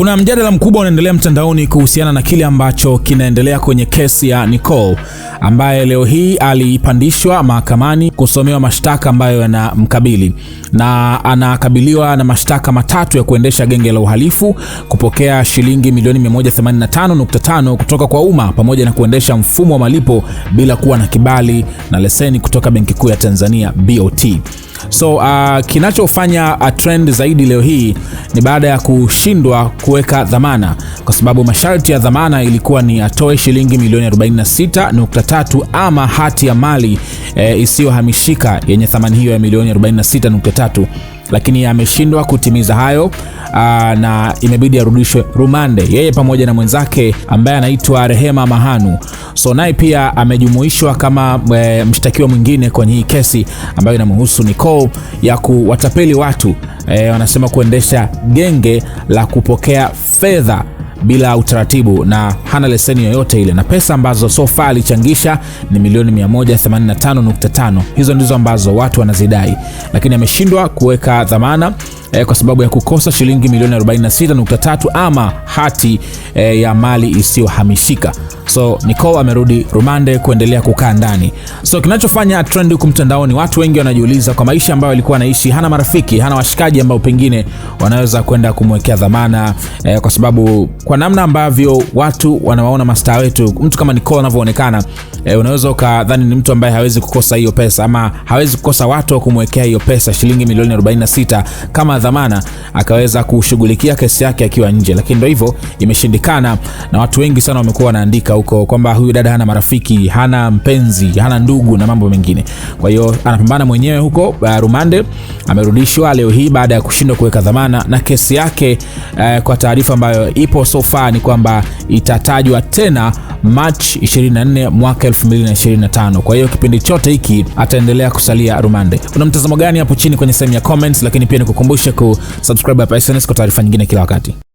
Kuna mjadala mkubwa unaendelea mtandaoni kuhusiana na kile ambacho kinaendelea kwenye kesi ya Nicole ambaye leo hii alipandishwa mahakamani kusomewa mashtaka ambayo yanamkabili na anakabiliwa na mashtaka matatu ya kuendesha genge la uhalifu, kupokea shilingi milioni 185.5 kutoka kwa umma, pamoja na kuendesha mfumo wa malipo bila kuwa na kibali na leseni kutoka Benki Kuu ya Tanzania BOT. So uh, kinachofanya a trend zaidi leo hii ni baada ya kushindwa kuweka dhamana, kwa sababu masharti ya dhamana ilikuwa ni atoe shilingi milioni 46.3 ama hati ya mali e, isiyohamishika yenye thamani hiyo ya milioni 46.3 lakini ameshindwa kutimiza hayo aa, ah, na imebidi arudishwe rumande, yeye pamoja na mwenzake ambaye anaitwa Rehema Mahanu. So naye pia amejumuishwa kama e, mshtakiwa mwingine kwenye hii kesi ambayo inamhusu Nicole ya kuwatapeli watu e, wanasema kuendesha genge la kupokea fedha bila utaratibu na hana leseni yoyote ile, na pesa ambazo sofa alichangisha ni milioni 185.5. Hizo ndizo ambazo watu wanazidai, lakini ameshindwa kuweka dhamana eh, kwa sababu ya kukosa shilingi milioni 46.3 ama hati eh, ya mali isiyohamishika. So Nicole amerudi rumande kuendelea kukaa ndani. So kinachofanya trend huku mtandaoni, watu wengi wanajiuliza kwa maisha ambayo alikuwa anaishi, hana marafiki, hana washikaji ambao pengine wanaweza kwenda kumwekea dhamana eh, kwa sababu kwa namna ambavyo watu wanawaona mastaa wetu, mtu kama Nicole anavyoonekana E, unaweza ukadhani ni mtu ambaye hawezi kukosa hiyo pesa ama hawezi kukosa watu wa kumwekea hiyo pesa shilingi milioni 46 kama dhamana, akaweza kushughulikia kesi yake akiwa nje, lakini ndio hivyo, imeshindikana na watu wengi sana wamekuwa wanaandika huko kwamba huyu dada hana marafiki, hana mpenzi, hana ndugu na mambo mengine. Kwa hiyo anapambana mwenyewe huko uh, rumande. Amerudishwa leo hii baada ya kushindwa kuweka dhamana, na kesi yake uh, kwa taarifa ambayo ipo so far ni kwamba itatajwa tena March 24 mwaka 2025. Kwa hiyo kipindi chote hiki ataendelea kusalia rumande. Una mtazamo gani hapo chini kwenye sehemu ya comments, lakini pia nikukumbushe kusubscribe hapa SnS kwa taarifa nyingine kila wakati.